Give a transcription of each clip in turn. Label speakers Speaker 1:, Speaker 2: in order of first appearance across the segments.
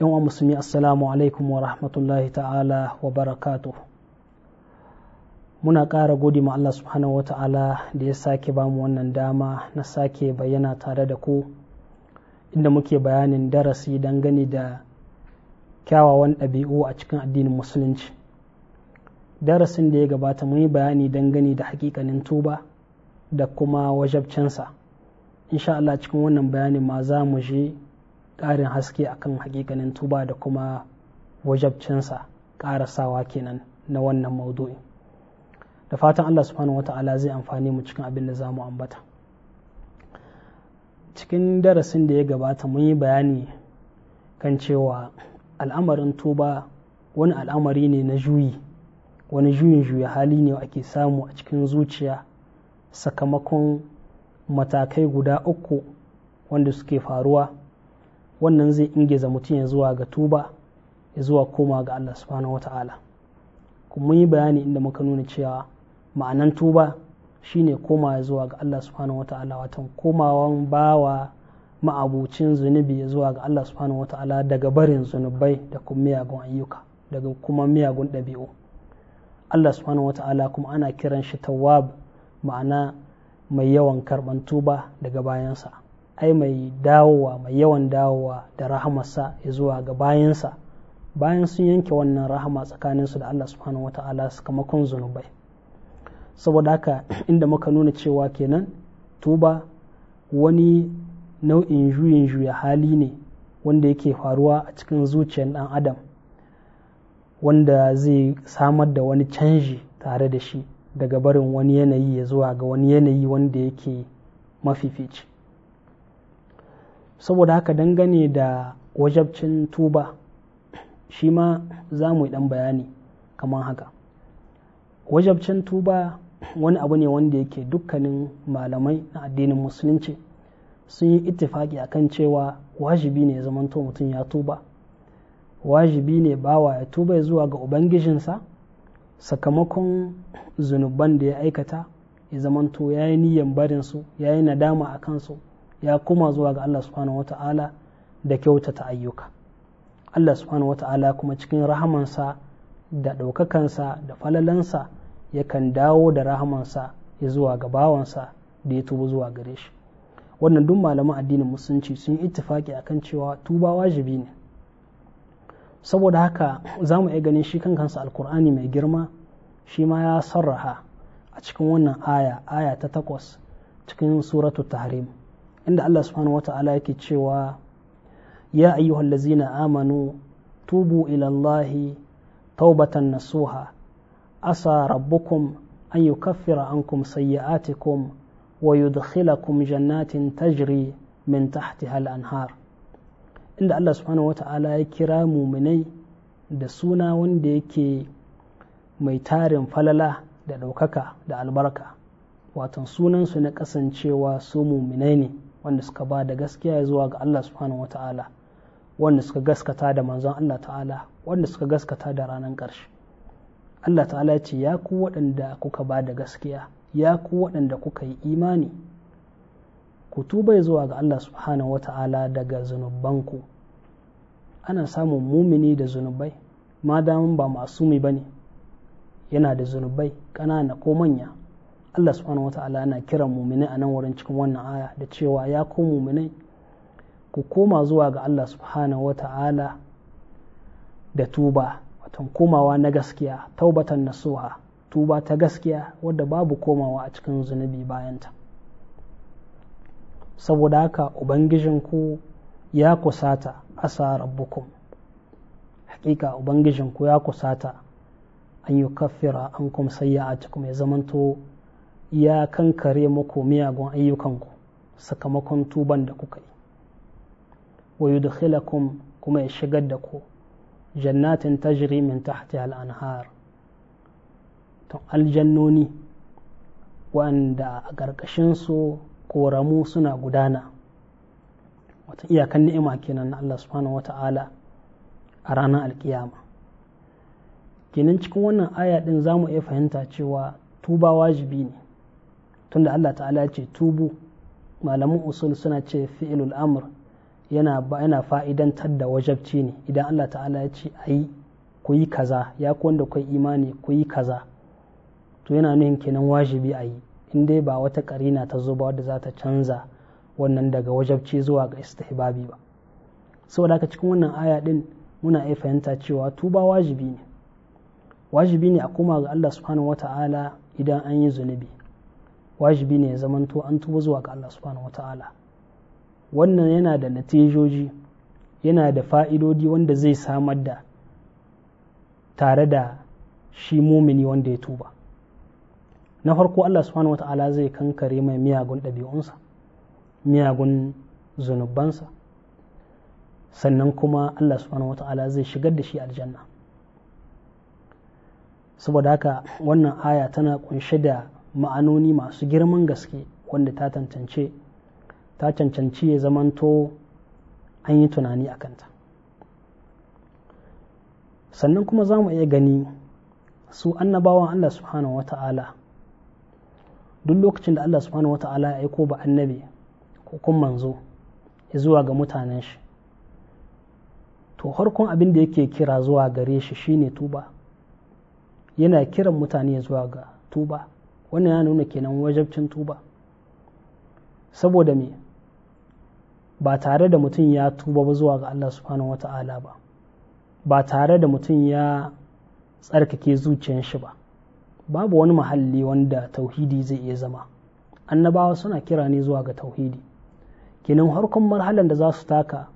Speaker 1: yan wa musulmi assalamu alaikum wa rahmatullahi ta'ala wa barakatu muna ƙara gode ma Allah subhanahu wa ta'ala da ya sake bamu wannan dama na sake bayyana tare da ku inda muke bayanin darasi dangane da kyawawan ɗabi'u a cikin addinin musulunci darasin da ya gabata mun yi bayani dangane da hakikanin tuba da kuma wajabcinsa insha Allah cikin wannan bayanin ma za mu je ƙarin haske a kan hakikanin tuba da kuma wajabcinsa ƙara sawa kenan na wannan maudu'i da fatan Allah subhanahu wata'ala zai amfani mu cikin abin da za mu ambata cikin darasin da ya gabata mun yi bayani kan cewa al'amarin tuba wani al'amari ne na juyi wani juyin juya hali ne ake samu a cikin zuciya sakamakon matakai guda uku wanda suke faruwa wannan zai ingiza mutum ya zuwa ga tuba ya zuwa koma ga Allah subhanahu wata'ala kuma mun yi bayani inda muka nuna cewa ma'anan tuba shine koma zuwa ga Allah subhanahu wata'ala watan komawan bawa ma'abucin zunubi ya zuwa ga Allah subhanahu wata'ala daga barin zunubai da kuma miyagun ayyuka daga kuma miyagun ɗabi'u Allah subhanahu wata'ala kuma ana kiran shi tawwab ma'ana mai yawan karɓan tuba daga bayansa ai mai dawowa mai yawan dawowa da rahamarsa ya zuwa ga bayansa bayan sun yanke wannan rahama tsakaninsu da Allah subhanahu wata'ala sakamakon zunubai saboda haka inda muka nuna cewa kenan tuba wani nau'in juyin juya hali ne wanda yake faruwa a cikin zuciyar dan adam wanda zai samar da wani canji tare da shi daga barin wani yanayi ya zuwa ga wani yanayi wanda yake mafifici saboda haka dangane da wajabcin tuba shi ma za mu yi ɗan bayani kamar haka wajabcin tuba wani abu ne wanda yake dukkanin malamai na addinin musulunci sun yi ittifaki akan cewa wajibi ne ya zamanto mutum ya tuba wajibi ne bawa ya tuba zuwa ga ubangijinsa sakamakon zunuban da ya aikata ya zamanto ya yi niyan barinsu ya yi nadama a kansu ya kuma zuwa ga Allah subhanahu wata'ala da kyautata ayyuka Allah subhanahu wata'ala kuma cikin rahamansa da ɗaukakansa da falalansa yakan dawo da rahamansa ya zuwa ga bawansa da ya tuba zuwa gare shi wannan duk malaman addinin musulunci sun yi ittifaki akan cewa tuba wajibi ne saboda haka za mu iya ganin shi kan kansa alkur'ani mai girma shi ma ya sarraha a cikin wannan aya aya ta takwas cikin suratu tahrim inda Allah subhanahu wata'ala yake cewa ya ayyuhal lazina amanu tubu ilallahi taubatan nasuha asa rabbukum an yukaffira ankum sayyi'atikum wa yudkhilakum jannatin tajri min tahti al-anhar inda Allah subhanahu wata'ala ya kira muminai da suna wanda yake mai tarin falala da ɗaukaka da albarka watan sunansu na kasancewa su muminai ne wanda suka ba da gaskiya zuwa ga Allah subhanahu wa ta'ala wanda suka gaskata da manzon Allah ta'ala wanda suka gaskata da ranar ƙarshe Allah ta'ala ce ya ku waɗanda kuka ba da gaskiya ya ku waɗanda kuka yi imani ku tuba zuwa ga Allah subhanahu wa ta'ala daga zunubanku ana samun mumini da zunubai ma damun ba masumi ba ne yana da zunubai ƙanana ko manya Allah subhanahu wata'ala yana kiran mumini a nan wurin cikin wannan aya da cewa ya ku mumini ku koma zuwa ga Allah subhanahu wata'ala da tuba watan komawa na gaskiya taubatan nasuha tuba ta gaskiya wadda babu komawa a cikin zunubi bayanta saboda haka ubangijin ku ya kusata asa rabbukum hakika ku ya kusata an yi kafira an kuma sayya a cikin ya zamanto ya kankare muku miyagun ayyukanku sakamakon tuban da kuka yi wa yudkhilakum kuma ya shigar da ku jannatin tajri min tahti al-anhar to aljannoni wanda a ƙarƙashin su suna gudana wata iyakan ni'ima kenan na Allah subhanahu wata'ala a ranar alkiyama Ginin cikin wannan aya ɗin za mu iya fahimta cewa tuba wajibi ne tunda Allah ta'ala Ya ce tubu malamin usul suna ce fi'ilul amr yana yana fa'idantar da wajabci ne idan Allah ta'ala ya ce ayi ku yi kaza ya ku wanda kai imani ku yi kaza to yana nuhin kenan wajibi a yi in dai ba wata karina ta zo ba wadda za ta canza wannan daga wajabci zuwa ga istihbabi ba saboda haka cikin wannan aya din muna iya fahimta cewa tuba wajibi ne wajibi ne a koma ga Allah subhanahu wata'ala idan an yi zunubi wajibi ne ya zamanto an tuba zuwa ga Allah subhanahu wata'ala wannan yana da natijoji yana da fa'idodi wanda zai samar da tare da shi mumini wanda ya tuba na farko Allah subhanahu wata'ala zai kankare mai miyagun ɗabi'unsa miyagun zunubansa sannan kuma Allah subhanahu wata'ala zai shigar da shi aljanna saboda haka wannan aya tana kunshe da ma'anoni masu girman gaske wanda ta cancance ta cancanci ya zamanto an yi tunani a kanta sannan kuma za mu iya gani su annabawan Allah subhanahu wata'ala duk lokacin da Allah subhanahu wata'ala ya aiko ba annabi ko kun manzo zuwa ga mutanen shi to harkon abin da yake kira zuwa gare shi shine tuba yana kiran mutane zuwa ga tuba wannan ya nuna kenan wajabcin tuba saboda me ba tare da mutum ya tuba ba zuwa ga Allah subhanahu wata'ala ba ba tare da mutum ya tsarkake zuciyar shi ba babu wani mahalli wanda tauhidi zai iya zama annabawa suna kira ne zuwa ga tauhidi kenan harkon marhalan da za su taka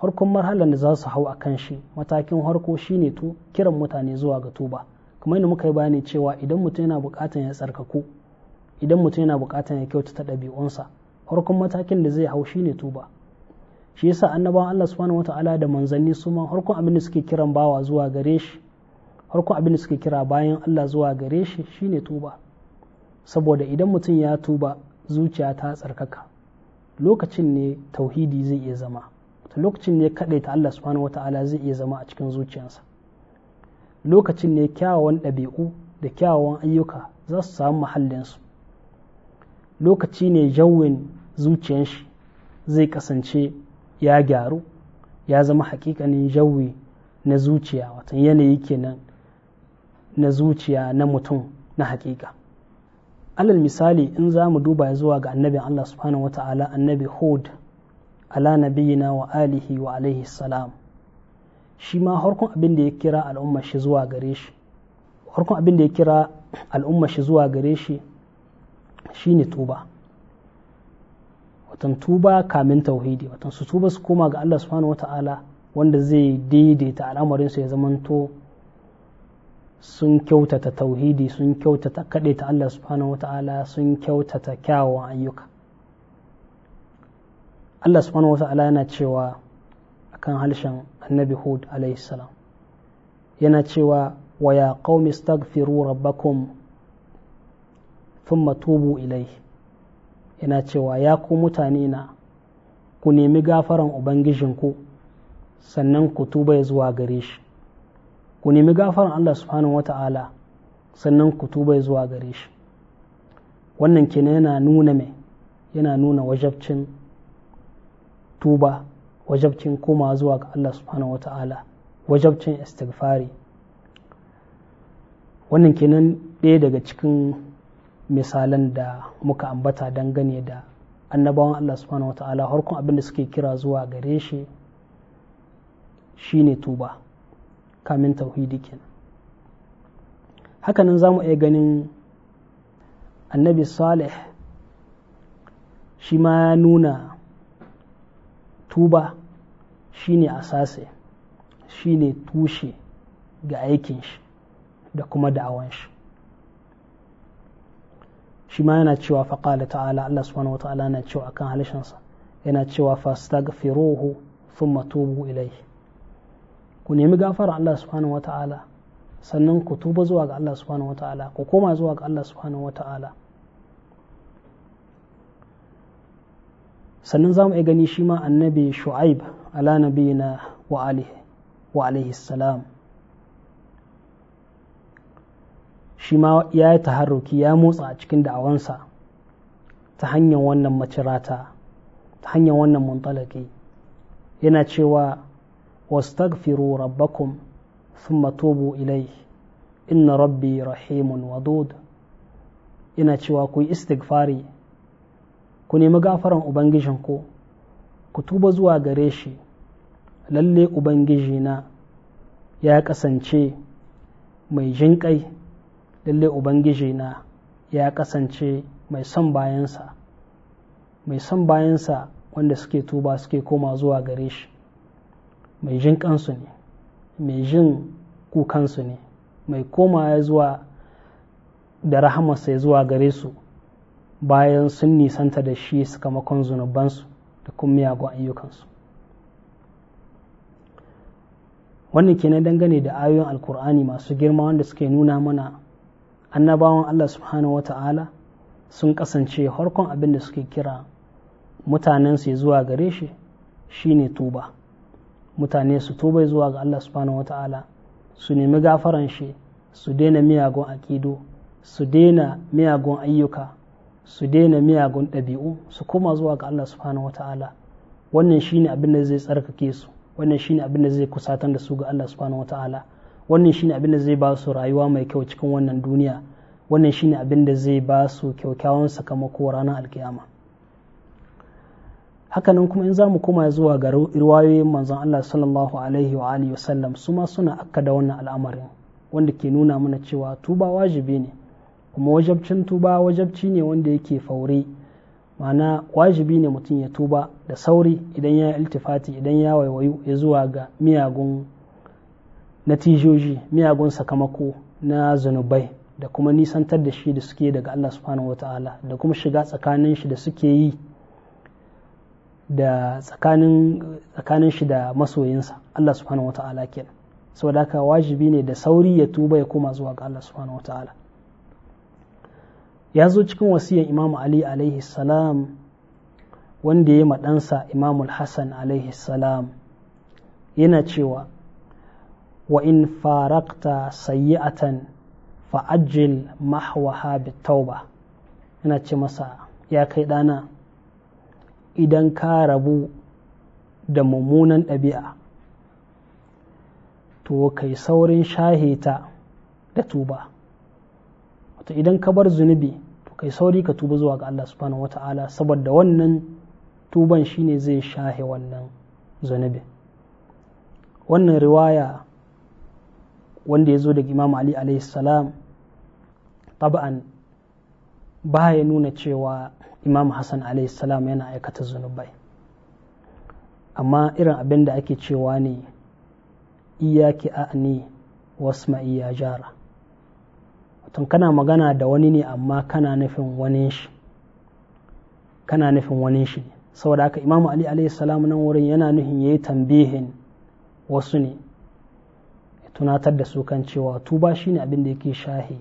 Speaker 1: harkon marhalan da za su hau a kan shi matakin harko shine to kiran mutane zuwa ga tuba kamar yadda muka yi bayani cewa idan mutum yana bukatan ya tsarkaku idan mutum yana bukatan ya kyautata ɗabi'unsa farkon matakin da zai hau shine tuba shi yasa annabawan Allah subhanahu wata'ala da manzanni su ma farkon abin da suke kiran bawa zuwa gare shi farkon abin da suke kira bayan Allah zuwa gare shi shine tuba saboda idan mutum ya tuba zuciya ta tsarkaka lokacin ne tauhidi zai iya zama lokacin ne kadaita Allah subhanahu wata'ala zai iya zama a cikin zuciyarsa lokacin ne kyawawan ɗabi'u da kyawawan ayyuka za su samu mahallinsu lokaci ne jawin zuciyar shi zai kasance ya gyaru ya zama hakikanin jawi na zuciya watan yanayi kenan na zuciya na mutum na hakika alal misali in za mu duba zuwa ga annabin Allah subhanahu wa ta'ala annabi hud ala nabiyina wa alihi wa alaihi salam shi ma harkon abin da ya kira al'umma shi zuwa gare shi harkon abin da ya kira al'umma shi zuwa gare shi shine tuba watan tuba kamin tauhidi watan su tuba su koma ga Allah subhanahu wata'ala wanda zai daidaita al'amarin su ya zamanto sun kyautata tauhidi sun kyautata ta Allah subhanahu wata'ala sun kyautata kyawawan ayyuka Allah subhanahu wata'ala yana cewa akan harshen annabi hud salam yana cewa wa ya qaumi astaghfiru rabbakum thumma tubu ilai yana cewa ya ku mutane na ku nemi gafaran ubangijinku sannan ku tuba zuwa gare shi ku nemi gafaran Allah subhanahu wata'ala sannan ku tuba zuwa gare shi wannan kenan yana nuna mai yana nuna wajabcin tuba wajabcin koma zuwa ga Allah subhanahu ta’ala wajabcin istighfari wannan kenan ɗaya daga cikin misalan da muka ambata dangane da annabawan Allah subhanahu ta’ala harkun abin da suke kira zuwa gare shi shine tuba kamin tauhidi kenan hakanan za mu iya ganin annabi salih shi ma ya nuna tuba shine asase shine tushe ga aikin shi da kuma da'awan shi shi ma yana cewa faƙala ta'ala Allah subhanahu ta'ala yana cewa akan halishinsa yana cewa fastaghfiruhu thumma tubu ilayhi ku nemi gafara Allah subhanahu ta'ala sannan ku tuba zuwa ga Allah subhanahu ta'ala ku koma zuwa ga Allah subhanahu ta'ala sannan za mu iya gani shi ma annabi shu'aib ala na wa alaihi salam shi ma ya yi taharruki ya motsa a cikin da'awansa ta hanyar wannan macirata ta hanyar wannan muntalaki yana cewa wastagfiru rabbakum ثم ilai. Inna inna rabbi rahimun wadud. ina cewa ku yi istighfari ku nemi gafaran ubangijinku ku tuba zuwa gare shi lalle ubangijina ya kasance mai jinƙai lalle ubangijina ya kasance mai son bayansa mai son bayansa wanda suke tuba suke koma zuwa gare shi mai jin kansu ne mai jin kukansu ne mai koma ya zuwa da rahamarsa ya zuwa gare su bayan sun nisanta da shi sakamakon zunubansu da kuma miyagun ayyukansu wannan kenan dangane da ayoyin alkur'ani masu girma wanda suke nuna mana annabawan allah subhanahu wata'ala sun kasance harkon abin da suke kira mutanen mutanensu zuwa gare shi shine tuba mutane su tuba zuwa ga allah subhanahu wata'ala su nemi gafaran shi su daina miyagun akido su daina miyagun ayyuka su daina miyagun ɗabi'u su koma zuwa ga Allah subhanahu wata'ala wannan shine abin da zai tsarkake su wannan shine abin da zai kusatan da su ga Allah subhanahu wata'ala wannan shine abin da zai ba su rayuwa mai kyau cikin wannan duniya wannan shine abin da zai ba su kyaukyawan sakamako ranar alkiyama hakanan kuma in za mu koma zuwa ga riwayoyin manzon Allah sallallahu alaihi wa alihi wasallam su ma suna akada wannan al'amarin wanda ke nuna mana cewa tuba wajibi ne kuma wajabcin tuba wajabci ne wanda yake faure ma'ana wajibi ne mutum ya tuba da sauri idan ya iltifati idan ya waiwayu ya zuwa ga miyagun natijoji miyagun sakamako na zunubai da kuma nisantar da shi da suke daga Allah subhanahu wa ta'ala da kuma shiga tsakanin shi da suke yi da tsakanin shi da masoyinsa Allah subhanahu wa ta'ala kenan saboda haka wajibi ne da sauri ya tuba ya koma zuwa ga Allah subhanahu wa ta'ala ya zo cikin wasiyan imamu ali alaihi salam wanda ya maɗansa imamul hassan alaihi salam yana cewa wa in farakta sayi'atan fa'ajil mahwaha tauba yana ce masa ya kai ɗana idan ka rabu da mummunan ɗabi'a to kai saurin ta da tuba to idan ka bar zunubi to kai sauri ka tuba zuwa ga Allah subhanahu wata'ala saboda wannan tuban shine zai shahe wannan zunubi wannan riwaya wanda ya zo daga imam ali alayhi salam taba'an ba ya nuna cewa imam hassan alayhi salam yana aikata zunubai amma irin abin da ake cewa ne iyaki a ni wasu iya jara tun kana magana da wani ne amma kana nufin wani shi kana nufin wani shi saboda haka imamu ali salam nan wurin yana nufin yi tambihin wasu ne ya tunatar da su kan cewa tuba shine abin da yake shahi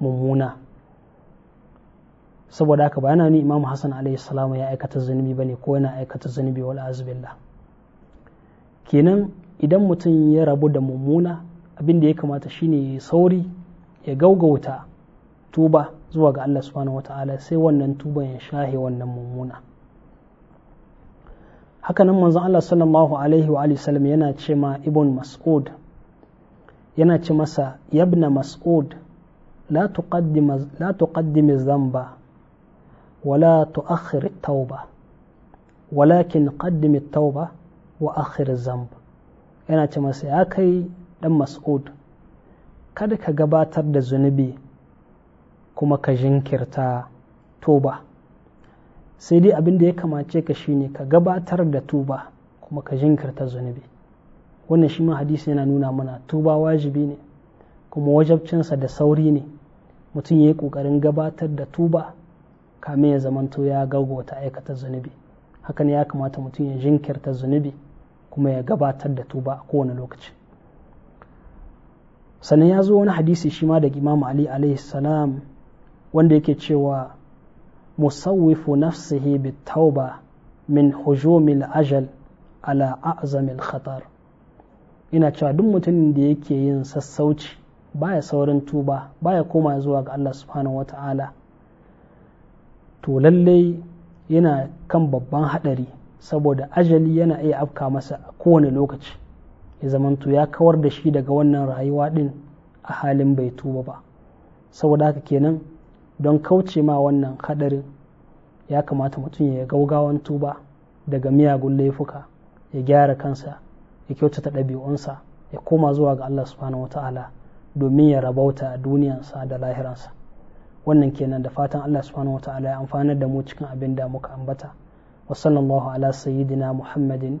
Speaker 1: mummuna saboda haka ba yana ni imamu hassan alayhi salam ya aikata zunubi ne ko yana aikata zunubi wal azbillah kenan idan mutum ya rabu da mummuna abin da ya kamata shine sauri ya gaugauta tuba zuwa ga Allah subhanahu ta'ala sai wannan tuban ya shahe wannan mummuna hakanan manzon Allah sallallahu alaihi wa sallam yana ce ma ibn mas'ud yana ce masa yabna mas'ud la tuqaddim la zamba ولا تؤخر التوبة ولكن قدم التوبة وأخر الذنب yana ce masa ya kai dan mas'ud kada ka gabatar da zunubi kuma ka jinkirta tuba sai dai abin da ya kamace ka shine ka gabatar da tuba kuma ka jinkirta zunubi wannan shi ma hadisi yana nuna mana tuba wajibi ne kuma wajabcinsa da sauri ne mutum ya yi ƙoƙarin gabatar da tuba kamin ya zamanto ya gagota aikata zunubi hakan ya kamata mutum ya jinkirta zunubi kuma ya gabatar da tuba a kowane lokaci sannan ya zo wani hadisi shi ma daga imamu ali alaihi salam wanda yake cewa musawwifu nafsihi tauba min hujumil ajal ala a'zamil khatar ina cewa duk mutumin da yake yin sassauci baya saurin tuba baya koma zuwa ga Allah subhanahu wata'ala to lallai yana kan babban hadari saboda ajali yana iya afka masa kowane lokaci ya zamanto ya kawar da shi daga wannan rayuwa din a halin bai tuba ba saboda haka kenan don kauce ma wannan hadarin ya kamata mutum ya gaugawan tuba daga miyagun laifuka ya gyara kansa ya kyautata ɗabi'unsa ya koma zuwa ga Allah subhanahu wata'ala domin ya rabauta a duniyansa da lahiransa wannan kenan da fatan Allah subhanahu wata'ala ya amfanar da mu cikin abin da muka ambata wa sallallahu ala sayyidina muhammadin